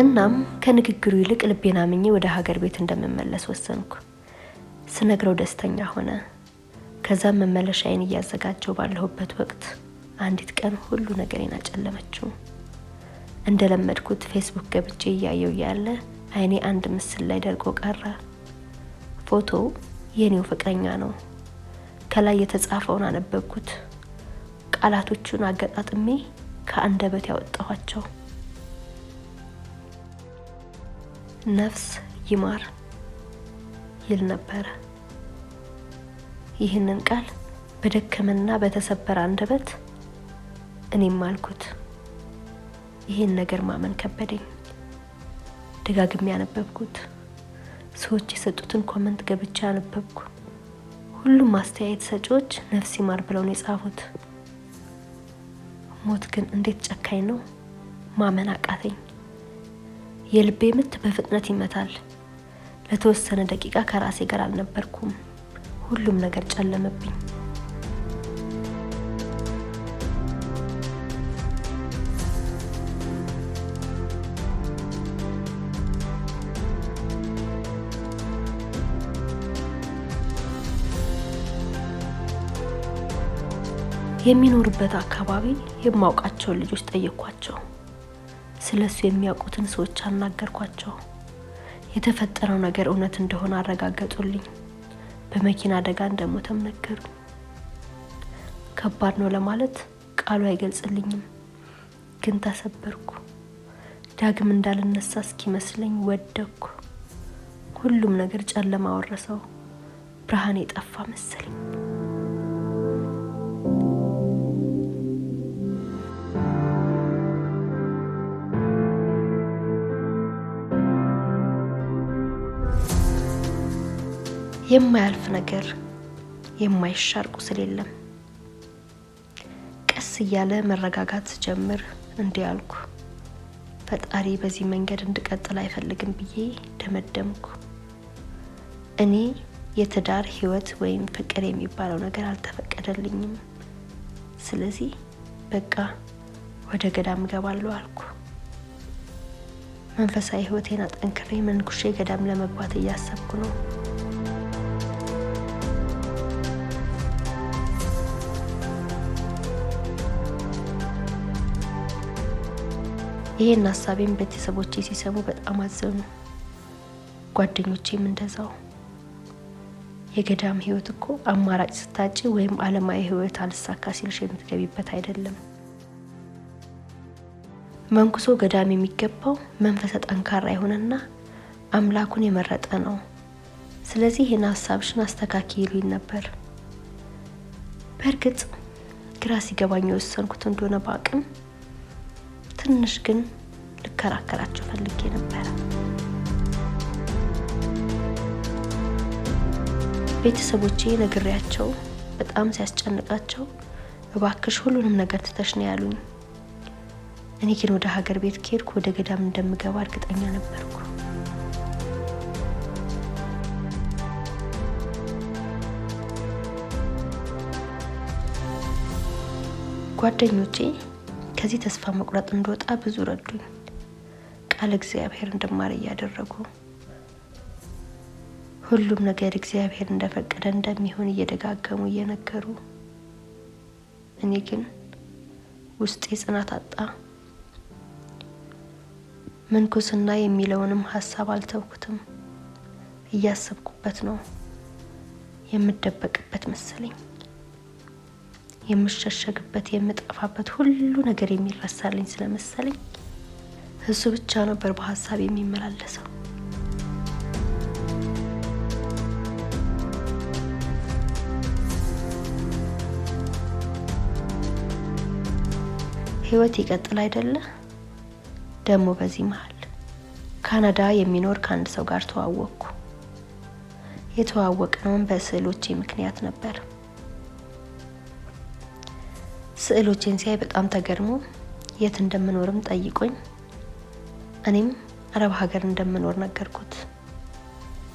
እናም ከንግግሩ ይልቅ ልቤን አምኜ ወደ ሀገር ቤት እንደምመለስ ወሰንኩ። ስነግረው ደስተኛ ሆነ። ከዛም መመለሻዬን እያዘጋጀው ባለሁበት ወቅት አንዲት ቀን ሁሉ ነገሬን አጨለመችው። እንደለመድኩት ፌስቡክ ገብቼ እያየው ያለ አይኔ አንድ ምስል ላይ ደርቆ ቀረ። ፎቶው የኔው ፍቅረኛ ነው። ከላይ የተጻፈውን አነበብኩት። ቃላቶቹን አገጣጥሜ ከአንደበት ያወጣኋቸው ነፍስ ይማር ይል ነበረ። ይህንን ቃል በደከመና በተሰበረ አንደበት እኔም አልኩት። ይህን ነገር ማመን ከበደኝ። ደጋግሜ ያነበብኩት ሰዎች የሰጡትን ኮመንት ገብቻ ያነበብኩ። ሁሉም አስተያየት ሰጪዎች ነፍስ ይማር ብለው ነው የጻፉት። ሞት ግን እንዴት ጨካኝ ነው! ማመን አቃተኝ። የልቤ ምት በፍጥነት ይመታል። ለተወሰነ ደቂቃ ከራሴ ጋር አልነበርኩም። ሁሉም ነገር ጨለመብኝ። የሚኖርበት አካባቢ የማውቃቸውን ልጆች ጠየኳቸው። ስለ እሱ የሚያውቁትን ሰዎች አናገርኳቸው። የተፈጠረው ነገር እውነት እንደሆነ አረጋገጡልኝ። በመኪና አደጋ እንደሞተም ነገሩ። ከባድ ነው ለማለት ቃሉ አይገልጽልኝም፣ ግን ተሰበርኩ። ዳግም እንዳልነሳ እስኪመስለኝ ወደኩ። ሁሉም ነገር ጨለማ ወረሰው፣ ብርሃን የጠፋ መሰለኝ። የማያልፍ ነገር፣ የማይሻር ቁስል የለም። ቀስ እያለ መረጋጋት ስጀምር እንዲህ አልኩ፣ ፈጣሪ በዚህ መንገድ እንድቀጥል አይፈልግም ብዬ ደመደምኩ። እኔ የትዳር ህይወት ወይም ፍቅር የሚባለው ነገር አልተፈቀደልኝም። ስለዚህ በቃ ወደ ገዳም እገባለሁ አልኩ። መንፈሳዊ ህይወቴን አጠንክሬ መንኩሼ ገዳም ለመግባት እያሰብኩ ነው። ይሄን ሀሳቤን ቤተሰቦቼ ሲሰሙ በጣም አዘኑ። ጓደኞቼም እንደዛው። የገዳም ህይወት እኮ አማራጭ ስታጭ ወይም አለማዊ ህይወት አልሳካ ሲልሽ የምትገቢበት አይደለም። መንኩሶ ገዳም የሚገባው መንፈሰ ጠንካራ የሆነና አምላኩን የመረጠ ነው። ስለዚህ ይህን ሀሳብሽን አስተካኪ ይሉኝ ነበር። በእርግጥ ግራ ሲገባኝ የወሰንኩት እንደሆነ በአቅም ትንሽ ግን ልከራከራቸው ፈልጌ ነበረ። ቤተሰቦቼ ነግሬያቸው በጣም ሲያስጨንቃቸው እባክሽ ሁሉንም ነገር ትተሽ ነው ያሉኝ። እኔ ግን ወደ ሀገር ቤት ከሄድኩ ወደ ገዳም እንደምገባ እርግጠኛ ነበርኩ። ጓደኞቼ ከዚህ ተስፋ መቁረጥ እንደወጣ ብዙ ረዱኝ። ቃል እግዚአብሔር እንድማር እያደረጉ ሁሉም ነገር እግዚአብሔር እንደፈቀደ እንደሚሆን እየደጋገሙ እየነገሩ፣ እኔ ግን ውስጤ ጽናት አጣ። ምንኩስና የሚለውንም ሀሳብ አልተውኩትም። እያሰብኩበት ነው። የምደበቅበት መሰለኝ። የምሸሸግበት የምጠፋበት ሁሉ ነገር የሚረሳልኝ ስለመሰለኝ እሱ ብቻ ነበር በሀሳብ የሚመላለሰው። ህይወት ይቀጥል አይደለ? ደግሞ በዚህ መሀል ካናዳ የሚኖር ከአንድ ሰው ጋር ተዋወቅኩ። የተዋወቅነውን በስዕሎቼ ምክንያት ነበር። ስዕሎቼን ሲያይ በጣም ተገርሞ የት እንደምኖርም ጠይቆኝ እኔም አረብ ሀገር እንደምኖር ነገርኩት።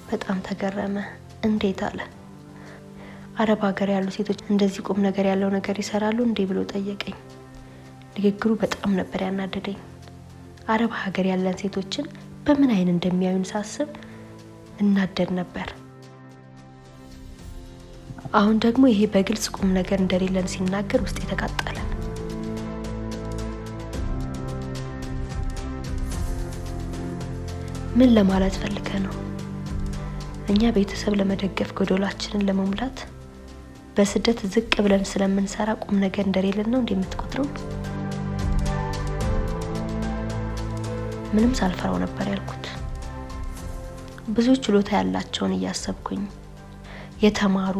በጣም ተገረመ። እንዴት አለ። አረብ ሀገር ያሉ ሴቶች እንደዚህ ቁም ነገር ያለው ነገር ይሰራሉ እንዴ ብሎ ጠየቀኝ። ንግግሩ በጣም ነበር ያናደደኝ። አረብ ሀገር ያለን ሴቶችን በምን አይን እንደሚያዩን ሳስብ እናደድ ነበር። አሁን ደግሞ ይሄ በግልጽ ቁም ነገር እንደሌለን ሲናገር ውስጥ የተቃጠለ ምን ለማለት ፈልገ ነው? እኛ ቤተሰብ ለመደገፍ ጎዶላችንን ለመሙላት በስደት ዝቅ ብለን ስለምንሰራ ቁም ነገር እንደሌለን ነው እንደምትቆጥረው? ምንም ሳልፈራው ነበር ያልኩት። ብዙ ችሎታ ያላቸውን እያሰብኩኝ የተማሩ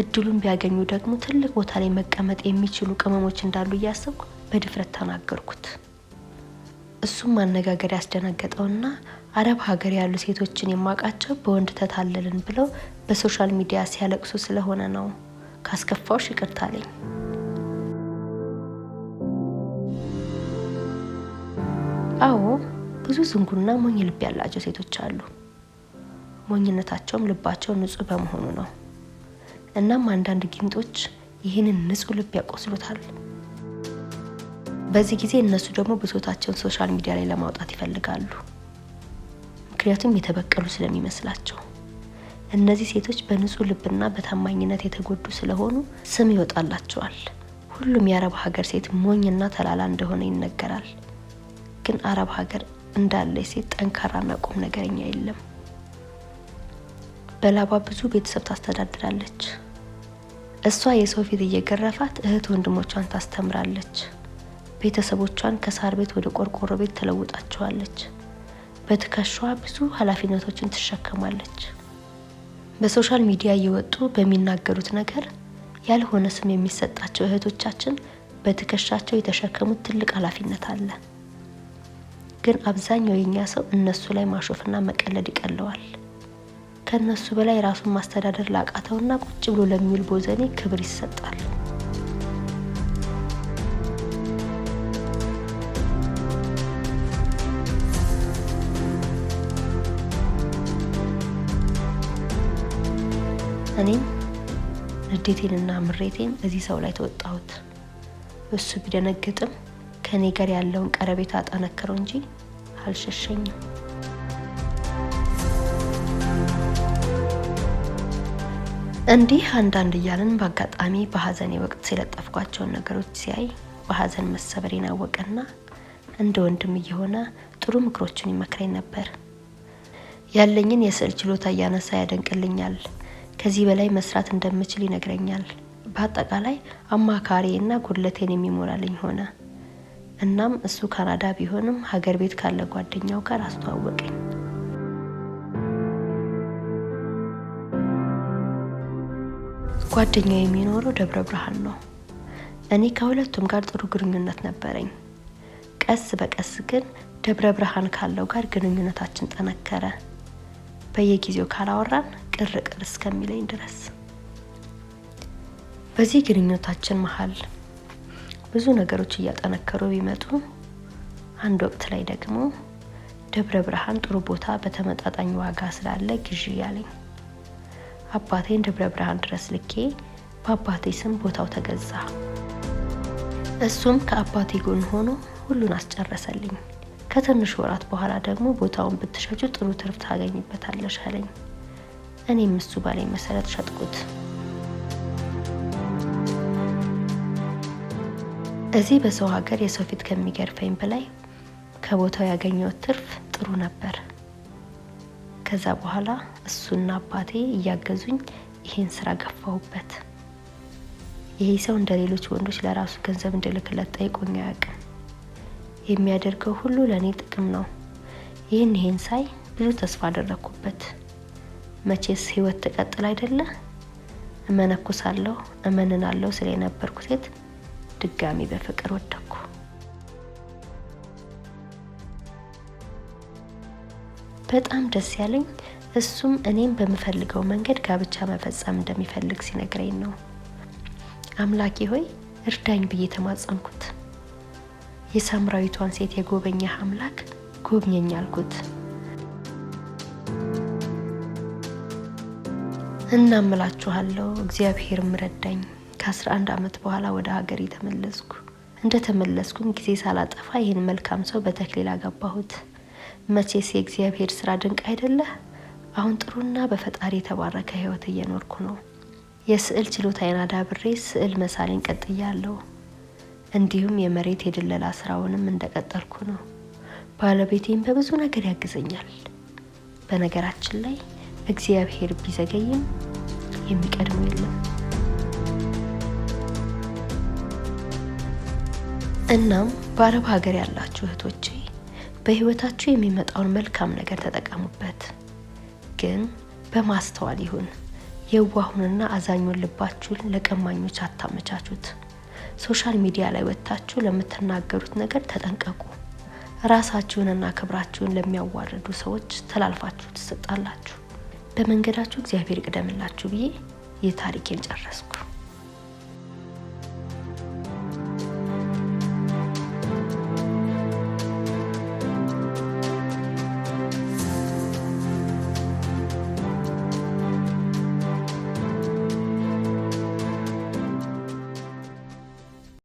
እድሉን ቢያገኙ ደግሞ ትልቅ ቦታ ላይ መቀመጥ የሚችሉ ቅመሞች እንዳሉ እያሰብኩ በድፍረት ተናገርኩት። እሱም ማነጋገር ያስደነገጠውና አረብ ሀገር ያሉ ሴቶችን የማውቃቸው በወንድ ተታለልን ብለው በሶሻል ሚዲያ ሲያለቅሱ ስለሆነ ነው። ካስከፋዎች ይቅርታ አለኝ። አዎ ብዙ ዝንጉና ሞኝ ልብ ያላቸው ሴቶች አሉ። ሞኝነታቸውም ልባቸው ንጹህ በመሆኑ ነው። እናም አንዳንድ ጊንጦች ይህንን ንጹህ ልብ ያቆስሉታል። በዚህ ጊዜ እነሱ ደግሞ ብሶታቸውን ሶሻል ሚዲያ ላይ ለማውጣት ይፈልጋሉ። ምክንያቱም የተበቀሉ ስለሚመስላቸው። እነዚህ ሴቶች በንጹህ ልብና በታማኝነት የተጎዱ ስለሆኑ ስም ይወጣላቸዋል። ሁሉም የአረብ ሀገር ሴት ሞኝና ተላላ እንደሆነ ይነገራል። ግን አረብ ሀገር እንዳለ ሴት ጠንካራና ቁም ነገረኛ የለም። በላባ ብዙ ቤተሰብ ታስተዳድራለች። እሷ የሰው ፊት እየገረፋት እህት ወንድሞቿን ታስተምራለች። ቤተሰቦቿን ከሳር ቤት ወደ ቆርቆሮ ቤት ተለውጣቸዋለች። በትከሻዋ ብዙ ኃላፊነቶችን ትሸከማለች። በሶሻል ሚዲያ እየወጡ በሚናገሩት ነገር ያልሆነ ስም የሚሰጣቸው እህቶቻችን በትከሻቸው የተሸከሙት ትልቅ ኃላፊነት አለ። ግን አብዛኛው የኛ ሰው እነሱ ላይ ማሾፍና መቀለድ ይቀለዋል። ከእነሱ በላይ ራሱን ማስተዳደር ላቃተውና ቁጭ ብሎ ለሚውል ቦዘኔ ክብር ይሰጣል። እኔም ንዴቴንና ምሬቴን እዚህ ሰው ላይ ተወጣሁት። እሱ ቢደነግጥም ከእኔ ጋር ያለውን ቀረቤታ አጠነከረው እንጂ አልሸሸኝም። እንዲህ አንዳንድ እያለን በአጋጣሚ በሀዘኔ ወቅት ሲለጠፍኳቸውን ነገሮች ሲያይ በሀዘን መሰበሬን አወቀና እንደ ወንድም እየሆነ ጥሩ ምክሮችን ይመክረኝ ነበር። ያለኝን የስዕል ችሎታ እያነሳ ያደንቅልኛል። ከዚህ በላይ መስራት እንደምችል ይነግረኛል። በአጠቃላይ አማካሪና ጉድለቴን የሚሞላልኝ ሆነ። እናም እሱ ካናዳ ቢሆንም ሀገር ቤት ካለ ጓደኛው ጋር አስተዋወቀኝ። ጓደኛ የሚኖረው ደብረ ብርሃን ነው። እኔ ከሁለቱም ጋር ጥሩ ግንኙነት ነበረኝ። ቀስ በቀስ ግን ደብረ ብርሃን ካለው ጋር ግንኙነታችን ጠነከረ። በየጊዜው ካላወራን ቅር ቅር እስከሚለኝ ድረስ በዚህ ግንኙነታችን መሀል ብዙ ነገሮች እያጠነከሩ ቢመጡ አንድ ወቅት ላይ ደግሞ ደብረ ብርሃን ጥሩ ቦታ በተመጣጣኝ ዋጋ ስላለ ግዢ ያለኝ አባቴን ደብረ ብርሃን ድረስ ልኬ በአባቴ ስም ቦታው ተገዛ። እሱም ከአባቴ ጎን ሆኖ ሁሉን አስጨረሰልኝ። ከትንሽ ወራት በኋላ ደግሞ ቦታውን ብትሸጩ ጥሩ ትርፍ ታገኝበታለሽ አለኝ። እኔም እሱ ባለኝ መሰረት ሸጥኩት። እዚህ በሰው ሀገር የሰው ፊት ከሚገርፈኝ በላይ ከቦታው ያገኘው ትርፍ ጥሩ ነበር። ከዛ በኋላ እሱና አባቴ እያገዙኝ ይሄን ስራ ገፋሁበት። ይሄ ሰው እንደ ሌሎች ወንዶች ለራሱ ገንዘብ እንድልክለት ጠይቆኝ አያውቅም። የሚያደርገው ሁሉ ለእኔ ጥቅም ነው። ይህን ይህን ሳይ ብዙ ተስፋ አደረግኩበት። መቼስ ህይወት ትቀጥል አይደለ? እመነኩሳለሁ እመንናለሁ ስለ የነበርኩ ሴት ድጋሚ በፍቅር ወደኩ። በጣም ደስ ያለኝ እሱም እኔም በምፈልገው መንገድ ጋብቻ መፈጸም እንደሚፈልግ ሲነግረኝ ነው። አምላኬ ሆይ እርዳኝ ብዬ ተማጸንኩት። የሳምራዊቷን ሴት የጎበኘህ አምላክ ጎብኘኝ አልኩት። እናምላችኋለሁ እግዚአብሔርም ረዳኝ። ከ11 ዓመት በኋላ ወደ ሀገር የተመለስኩ እንደ ተመለስኩም ጊዜ ሳላጠፋ ይህን መልካም ሰው በተክሊል አገባሁት። መቼስ የእግዚአብሔር ስራ ድንቅ አይደለህ? አሁን ጥሩና በፈጣሪ የተባረከ ህይወት እየኖርኩ ነው። የስዕል ችሎታዬን አዳብሬ ስዕል መሳሌን ቀጥያለሁ። እንዲሁም የመሬት የድለላ ስራውንም እንደቀጠልኩ ነው። ባለቤቴም በብዙ ነገር ያግዘኛል። በነገራችን ላይ እግዚአብሔር ቢዘገይም የሚቀድመው የለም። እናም በአረብ ሀገር ያላችሁ እህቶቼ በህይወታችሁ የሚመጣውን መልካም ነገር ተጠቀሙበት። ግን በማስተዋል ይሁን። የዋሁንና አዛኙን ልባችሁን ለቀማኞች አታመቻቹት። ሶሻል ሚዲያ ላይ ወጥታችሁ ለምትናገሩት ነገር ተጠንቀቁ። ራሳችሁንና ክብራችሁን ለሚያዋርዱ ሰዎች ተላልፋችሁ ትሰጣላችሁ። በመንገዳችሁ እግዚአብሔር ቅደምላችሁ ብዬ የታሪኬን ጨረስኩ።